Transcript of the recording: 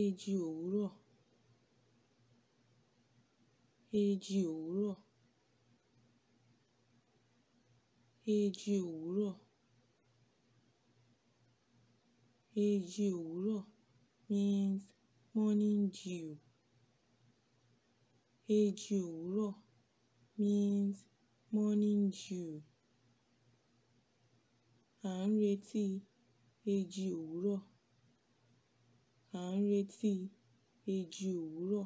Èjì òwúrọ̀. Èjì òwúrọ̀. Èjì òwúrọ̀. Èjì òwúrọ̀ means morning dew. Èjì òwúrọ̀ means morning dew. À ń retí èjì òwúrọ̀ à ń retí eéjì òwúrọ̀.